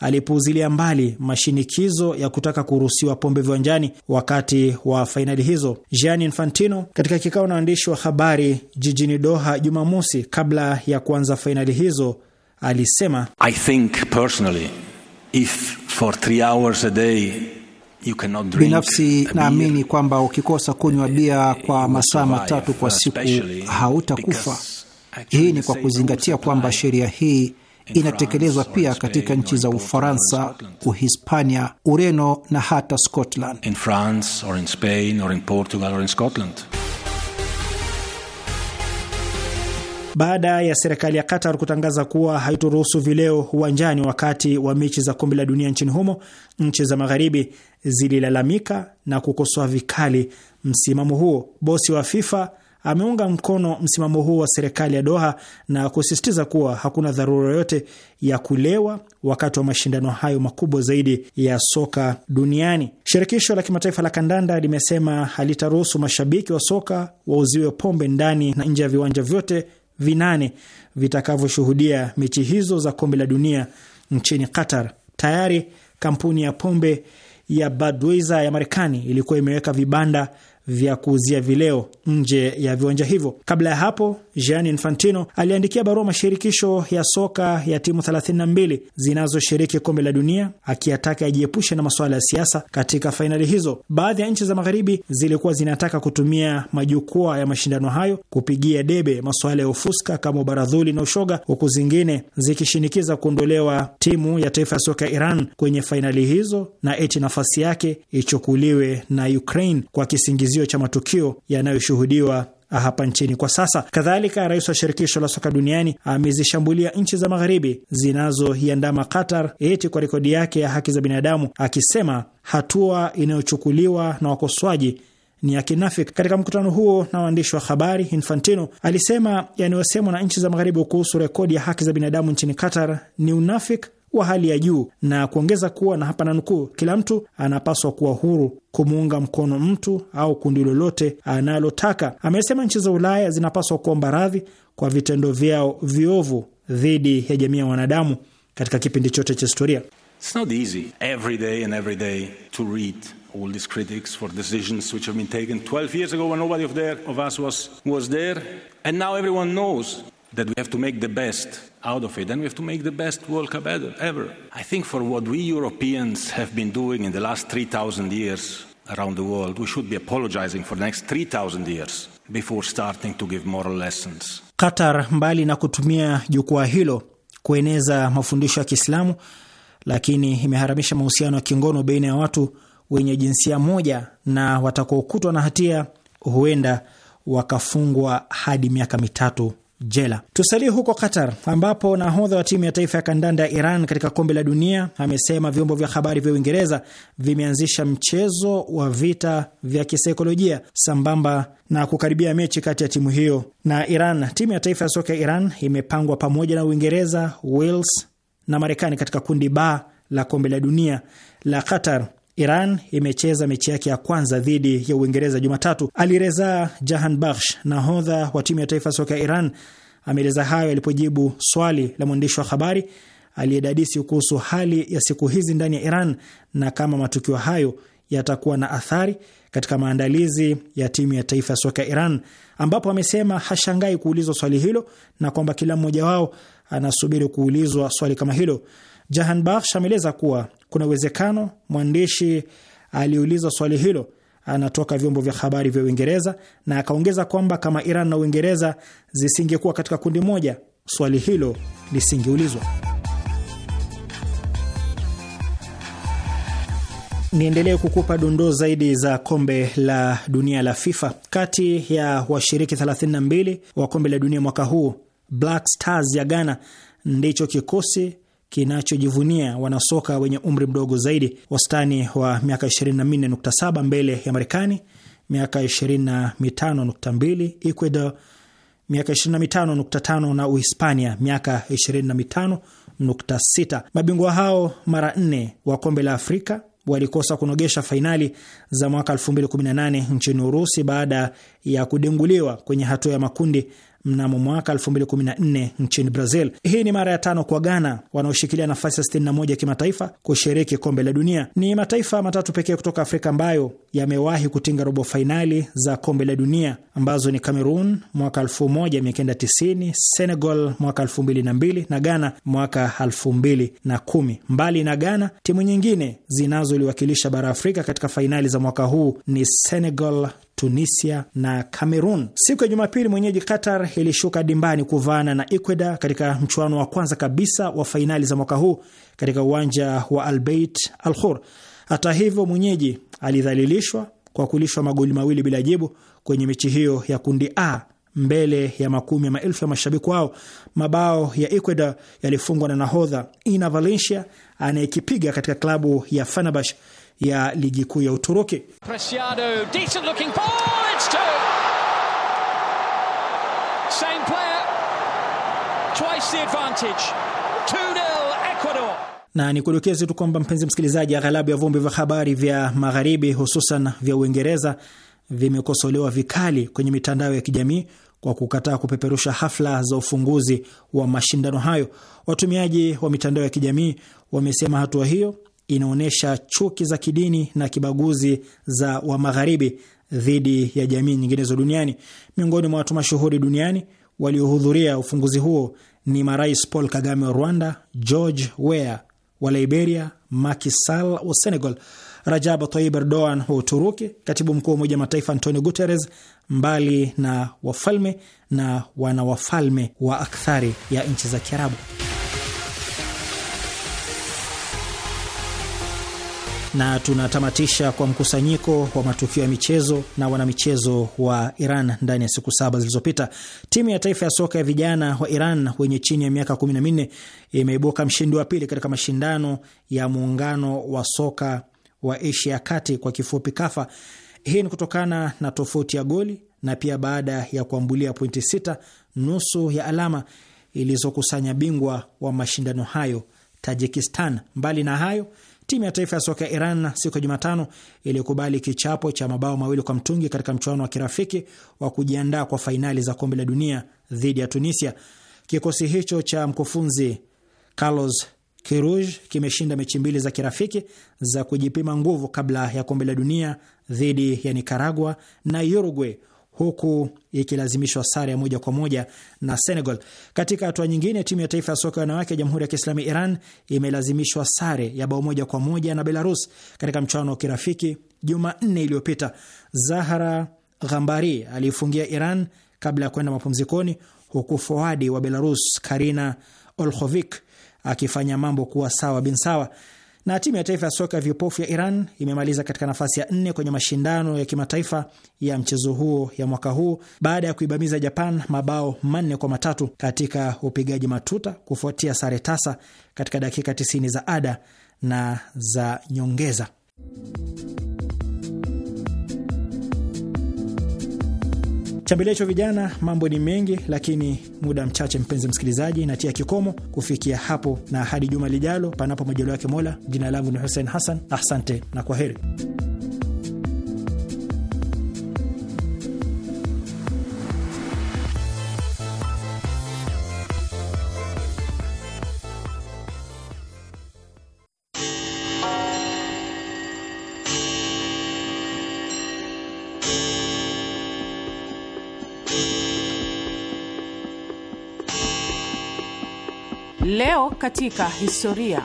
alipuuzilia mbali mashinikizo ya kutaka kuruhusiwa pombe viwanjani wakati wa fainali hizo. Gianni Infantino, katika kikao na waandishi wa habari jijini Doha Jumamosi kabla ya kuanza fainali hizo, alisema I think personally, if for three hours a day Binafsi naamini kwamba ukikosa kunywa bia kwa masaa matatu kwa siku hautakufa. Hii ni kwa kuzingatia kwamba sheria hii inatekelezwa pia katika nchi za Ufaransa, Uhispania, Ureno na hata Scotland. baada ya serikali ya Qatar kutangaza kuwa haitoruhusu vileo uwanjani wakati wa mechi za kombe la dunia nchini humo, nchi za magharibi zililalamika na kukosoa vikali msimamo huo. Bosi wa FIFA ameunga mkono msimamo huo wa serikali ya Doha na kusisitiza kuwa hakuna dharura yoyote ya kulewa wakati wa mashindano hayo makubwa zaidi ya soka duniani. Shirikisho la kimataifa la kandanda limesema halitaruhusu mashabiki wa soka wauziwe pombe ndani na nje ya viwanja vyote vinane vitakavyoshuhudia mechi hizo za kombe la dunia nchini Qatar. Tayari kampuni ya pombe ya Budweiser ya Marekani ilikuwa imeweka vibanda vya kuuzia vileo nje ya viwanja hivyo. Kabla ya hapo Gianni Infantino aliandikia barua mashirikisho ya soka ya timu 32 zinazoshiriki kombe la dunia akiyataka yajiepushe na masuala ya siasa katika fainali hizo. Baadhi ya nchi za magharibi zilikuwa zinataka kutumia majukwaa ya mashindano hayo kupigia debe masuala ya ufuska kama ubaradhuli na ushoga, huku zingine zikishinikiza kuondolewa timu ya taifa ya soka ya Iran kwenye fainali hizo na eti nafasi yake ichukuliwe na Ukraine kwa kisingizio cha matukio yanayoshuhudiwa hapa nchini kwa sasa. Kadhalika, rais wa shirikisho la soka duniani amezishambulia nchi za magharibi zinazoiandama Qatar eti kwa rekodi yake ya haki za binadamu, akisema hatua inayochukuliwa na wakosoaji ni ya kinafiki. Katika mkutano huo na waandishi wa habari, Infantino alisema yanayosemwa na nchi za magharibi kuhusu rekodi ya haki za binadamu nchini Qatar ni unafiki wa hali ya juu na kuongeza kuwa, na hapa nanukuu, kila mtu anapaswa kuwa huru kumuunga mkono mtu au kundi lolote analotaka. Amesema nchi za Ulaya zinapaswa kuomba radhi kwa vitendo vyao viovu dhidi ya jamii ya wanadamu katika kipindi chote cha historia. That we have to make the best out of it, Then we have to make the best World Cup ever. I think for what we Europeans have been doing in the last 3,000 years around the world, we should be apologizing for the next 3,000 years before starting to give moral lessons. Qatar, mbali na kutumia jukwaa hilo kueneza mafundisho ya Kiislamu, lakini imeharamisha mahusiano ya kingono baina ya watu wenye jinsia moja, na watakaokutwa na hatia huenda wakafungwa hadi miaka mitatu jela. Tusalie huko Qatar, ambapo nahodha wa timu ya taifa ya kandanda ya Iran katika kombe la dunia amesema vyombo vya habari vya Uingereza vimeanzisha mchezo wa vita vya kisaikolojia sambamba na kukaribia mechi kati ya timu hiyo na Iran. Timu ya taifa ya soka ya Iran imepangwa pamoja na Uingereza, Wales na Marekani katika kundi ba la kombe la dunia la Qatar Iran imecheza mechi yake ya kwanza dhidi ya Uingereza Jumatatu. Alireza Jahanbakhsh, nahodha wa timu ya taifa soka ya Iran, ameeleza hayo alipojibu swali la mwandishi wa habari aliyedadisi kuhusu hali ya siku hizi ndani ya Iran na kama matukio hayo yatakuwa na athari katika maandalizi ya timu ya taifa ya soka ya Iran, ambapo amesema hashangai kuulizwa swali hilo na kwamba kila mmoja wao anasubiri kuulizwa swali kama hilo. Jahan Jahanbakhsh ameeleza kuwa kuna uwezekano mwandishi aliuliza swali hilo anatoka vyombo vya habari vya Uingereza, na akaongeza kwamba kama Iran na Uingereza zisingekuwa katika kundi moja, swali hilo lisingeulizwa. Niendelee kukupa dondoo zaidi za kombe la dunia la FIFA. Kati ya washiriki 32 wa kombe la dunia mwaka huu, Black Stars ya Ghana ndicho kikosi kinachojivunia wanasoka wenye umri mdogo zaidi, wastani wa miaka 24.7 mbele ya Marekani, miaka 25.2 Ecuador, miaka 25.5 na Uhispania miaka 25.6. Mabingwa hao mara nne wa kombe la Afrika walikosa kunogesha fainali za mwaka 2018 nchini Urusi baada ya kudenguliwa kwenye hatua ya makundi mnamo mwaka 2014 nchini Brazil. Hii ni mara ya tano kwa Ghana wanaoshikilia nafasi ya 61 ya kimataifa kushiriki kombe la dunia. Ni mataifa matatu pekee kutoka Afrika ambayo yamewahi kutinga robo fainali za kombe la dunia ambazo ni Cameroon mwaka 1990, Senegal mwaka 2002 na Ghana mwaka 2010. Mbali na Ghana, timu nyingine zinazoliwakilisha bara Afrika katika fainali za mwaka huu ni Senegal Tunisia na Cameroon. Siku ya Jumapili, mwenyeji Qatar ilishuka dimbani kuvaana na Ecuador katika mchuano wa kwanza kabisa wa fainali za mwaka huu katika uwanja wa Albeit Al Khor. Hata hivyo, mwenyeji alidhalilishwa kwa kulishwa magoli mawili bila jibu kwenye mechi hiyo ya kundi A mbele ya makumi ya maelfu ya mashabiki wao. Mabao ya Ecuador yalifungwa na nahodha Ina Valencia anayekipiga katika klabu ya Fenerbahce ya ligi kuu ya Uturuki. Na ni kudokeze tu kwamba mpenzi msikilizaji, aghalabu ya vumbi vya habari vya Magharibi hususan vya Uingereza vimekosolewa vikali kwenye mitandao ya kijamii kwa kukataa kupeperusha hafla za ufunguzi wa mashindano hayo. Watumiaji wa mitandao ya kijamii wamesema hatua hiyo inaonyesha chuki za kidini na kibaguzi za wa magharibi dhidi ya jamii nyinginezo duniani. Miongoni mwa watu mashuhuri duniani waliohudhuria ufunguzi huo ni marais Paul Kagame wa Rwanda, George Weah wa Liberia, Macky Sall wa Senegal, Rajab Tayyip Erdogan wa Uturuki, katibu mkuu wa Umoja Mataifa Antonio Guterres, mbali na wafalme na wanawafalme wa akthari ya nchi za Kiarabu. na tunatamatisha kwa mkusanyiko wa matukio ya michezo na wanamichezo wa Iran ndani ya siku saba zilizopita. Timu ya taifa ya soka ya vijana wa Iran wenye chini ya miaka minne imeibuka mshindi wa pili katika mashindano ya muungano wa soka wa Asia ya kati kwa kifupi KAFA. Hii ni kutokana na tofauti ya goli na pia baada ya kuambulia pointi sita, nusu ya alama ilizokusanya bingwa wa mashindano hayo Tajikistan. Mbali na hayo Timu ya taifa ya soka ya Iran siku ya Jumatano ilikubali kichapo cha mabao mawili kwa mtungi katika mchuano wa kirafiki wa kujiandaa kwa fainali za kombe la dunia dhidi ya Tunisia. Kikosi hicho cha mkufunzi Carlos Kiruj kimeshinda mechi mbili za kirafiki za kujipima nguvu kabla ya kombe la dunia dhidi ya nikaragua na Uruguay huku ikilazimishwa sare ya moja kwa moja na Senegal. Katika hatua nyingine, timu ya taifa ya soka ya wanawake ya Jamhuri ya Kiislamu Iran imelazimishwa sare ya bao moja kwa moja na Belarus katika mchuano wa kirafiki Jumanne iliyopita. Zahara Ghambari aliifungia Iran kabla ya kwenda mapumzikoni, huku foadi wa Belarus Karina Olkhovik akifanya mambo kuwa sawa bin sawa. Na timu ya taifa ya soka ya vipofu ya Iran imemaliza katika nafasi ya nne kwenye mashindano ya kimataifa ya mchezo huo ya mwaka huu baada ya kuibamiza Japan mabao manne kwa matatu katika upigaji matuta kufuatia sare tasa katika dakika 90 za ada na za nyongeza. chambelecho vijana, mambo ni mengi, lakini muda mchache, mpenzi msikilizaji, natia kikomo kufikia hapo, na hadi juma lijalo, panapo majalo yake Mola. Jina langu ni Hussein Hassan, asante na kwa heri. Leo katika historia.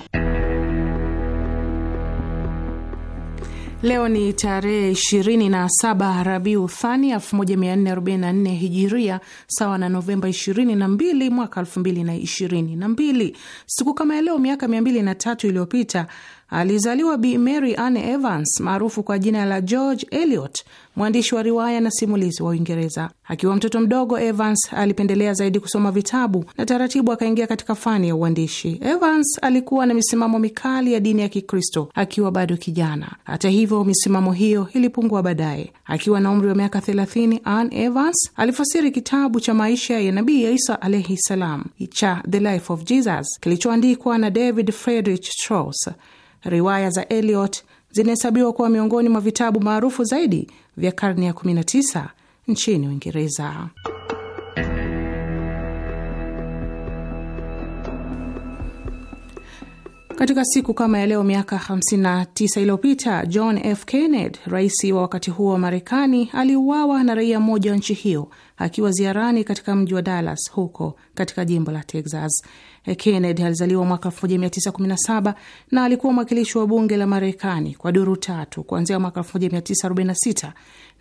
Leo ni tarehe 27 Rabiu Thani 1444 Hijiria, sawa na Novemba 22 mwaka 2022. Siku kama ya leo miaka 203 iliyopita Alizaliwa Bi Mary Anne Evans maarufu kwa jina la George Eliot, mwandishi wa riwaya na simulizi wa Uingereza. Akiwa mtoto mdogo, Evans alipendelea zaidi kusoma vitabu na taratibu akaingia katika fani ya uandishi. Evans alikuwa na misimamo mikali ya dini ya Kikristo akiwa bado kijana. Hata hivyo, misimamo hiyo ilipungua baadaye. Akiwa na umri wa miaka 30, Anne Evans alifasiri kitabu cha maisha ya Nabii ya Isa alaihi salam cha The Life of Jesus kilichoandikwa na David Friedrich Strauss. Riwaya za Eliot zinahesabiwa kuwa miongoni mwa vitabu maarufu zaidi vya karne ya 19 nchini Uingereza. Katika siku kama ya leo miaka 59 iliyopita John F Kennedy, rais wa wakati huo wa Marekani, aliuawa na raia mmoja wa nchi hiyo akiwa ziarani katika mji wa Dallas huko katika jimbo la Texas. Kennedy alizaliwa mwaka 1917 na alikuwa mwakilishi wa bunge la Marekani kwa duru tatu kuanzia mwaka 1946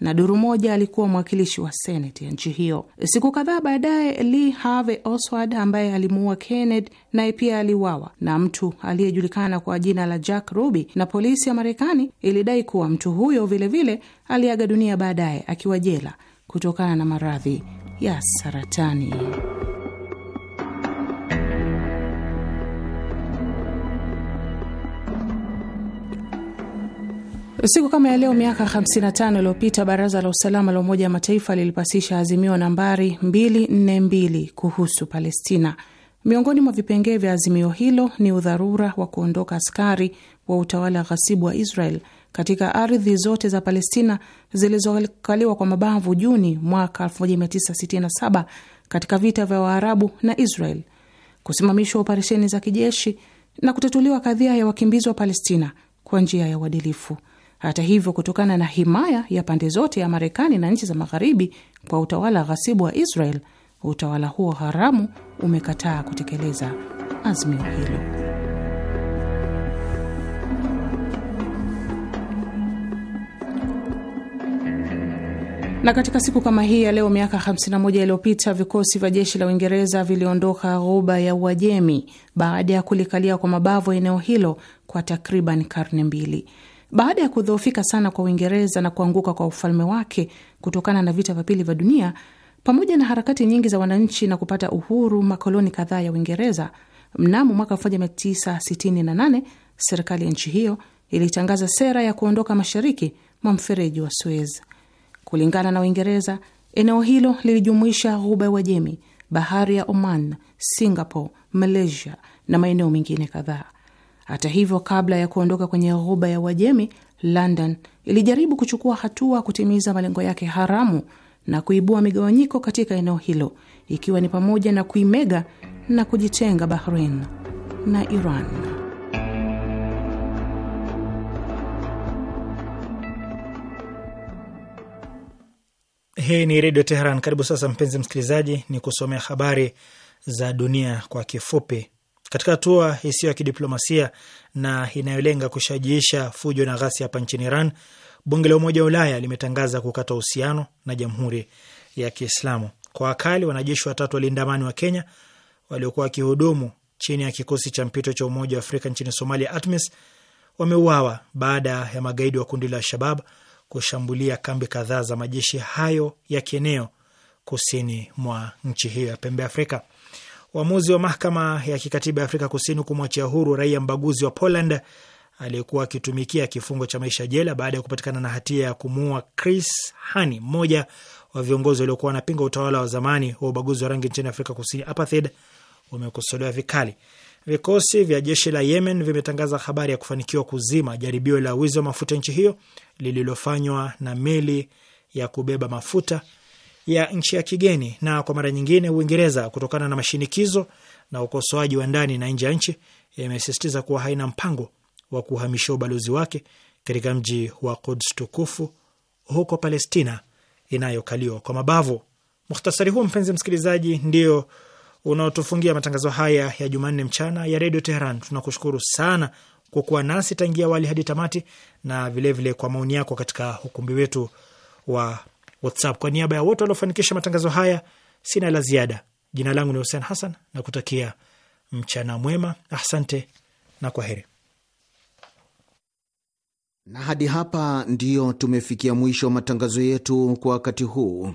na duru moja alikuwa mwakilishi wa seneti ya nchi hiyo. Siku kadhaa baadaye, Lee Harvey Oswald ambaye alimuua Kennedy naye pia aliwawa na mtu aliyejulikana kwa jina la Jack Ruby, na polisi ya Marekani ilidai kuwa mtu huyo vilevile aliaga dunia baadaye akiwa jela kutokana na maradhi ya saratani. Siku kama ya leo miaka 55 iliyopita baraza la usalama la Umoja wa Mataifa lilipasisha azimio nambari 242 kuhusu Palestina. Miongoni mwa vipengee vya azimio hilo ni udharura wa kuondoka askari wa utawala ghasibu wa Israel katika ardhi zote za Palestina zilizokaliwa kwa mabavu Juni mwaka 1967 katika vita vya Waarabu na Israel, kusimamishwa operesheni za kijeshi na kutatuliwa kadhia ya wakimbizi wa Palestina kwa njia ya uadilifu. Hata hivyo, kutokana na himaya ya pande zote ya Marekani na nchi za Magharibi kwa utawala ghasibu wa Israel, utawala huo haramu umekataa kutekeleza azimio hilo. Na katika siku kama hii ya leo miaka 51 iliyopita vikosi vya jeshi la Uingereza viliondoka ghuba ya Uajemi baada ya kulikalia kwa mabavu eneo hilo kwa takriban karne mbili. Baada ya kudhoofika sana kwa Uingereza na kuanguka kwa ufalme wake kutokana na vita vya pili vya dunia, pamoja na harakati nyingi za wananchi na kupata uhuru makoloni kadhaa ya Uingereza, mnamo mwaka 1968 serikali ya nchi hiyo ilitangaza sera ya kuondoka mashariki mwa mfereji wa Suez. Kulingana na Uingereza, eneo hilo lilijumuisha ghuba ya Uajemi, bahari ya Oman, Singapore, Malaysia na maeneo mengine kadhaa. Hata hivyo, kabla ya kuondoka kwenye ghuba ya Uajemi, London ilijaribu kuchukua hatua kutimiza malengo yake haramu na kuibua migawanyiko katika eneo hilo, ikiwa ni pamoja na kuimega na kujitenga Bahrain na Iran. Hii ni Redio Teheran. Karibu sasa, mpenzi msikilizaji, ni kusomea habari za dunia kwa kifupi. Katika hatua isiyo ya kidiplomasia na inayolenga kushajiisha fujo na ghasia hapa nchini Iran, bunge la Umoja wa Ulaya limetangaza kukata uhusiano na Jamhuri ya Kiislamu. Kwa wakali, wanajeshi watatu waliandamani wa Kenya waliokuwa wakihudumu chini ya kikosi cha mpito cha Umoja wa Afrika nchini Somalia, ATMIS, wameuawa baada ya magaidi wa kundi la Shabab kushambulia kambi kadhaa za majeshi hayo ya kieneo kusini mwa nchi hiyo ya pembe Afrika. Uamuzi wa mahakama ya kikatiba ya Afrika Kusini kumwachia huru raia mbaguzi wa Poland aliyekuwa akitumikia kifungo cha maisha jela baada ya kupatikana na hatia ya kumuua Chris Hani, mmoja wa viongozi waliokuwa wanapinga utawala wa zamani wa ubaguzi wa rangi nchini Afrika Kusini, apartheid, umekosolewa vikali. Vikosi vya jeshi la Yemen vimetangaza habari ya kufanikiwa kuzima jaribio la wizi wa mafuta nchi hiyo lililofanywa na meli ya kubeba mafuta ya nchi ya kigeni. Na kwa mara nyingine, Uingereza kutokana na mashinikizo na ukosoaji wa ndani na nje ya nchi imesisitiza kuwa haina mpango wa kuhamisha ubalozi wake katika mji wa Quds tukufu huko Palestina inayokaliwa kwa mabavu. Mukhtasari huu mpenzi msikilizaji, ndio unaotufungia matangazo haya ya Jumanne mchana ya Redio Teheran. Tunakushukuru sana kwa kuwa nasi tangia awali hadi tamati na vilevile vile kwa maoni yako katika ukumbi wetu wa WhatsApp. Kwa niaba ya wote waliofanikisha matangazo haya, sina la ziada. Jina langu ni Hussein Hassan na kutakia mchana mwema. Asante na kwa heri. Na hadi hapa ndiyo tumefikia mwisho wa matangazo yetu kwa wakati huu.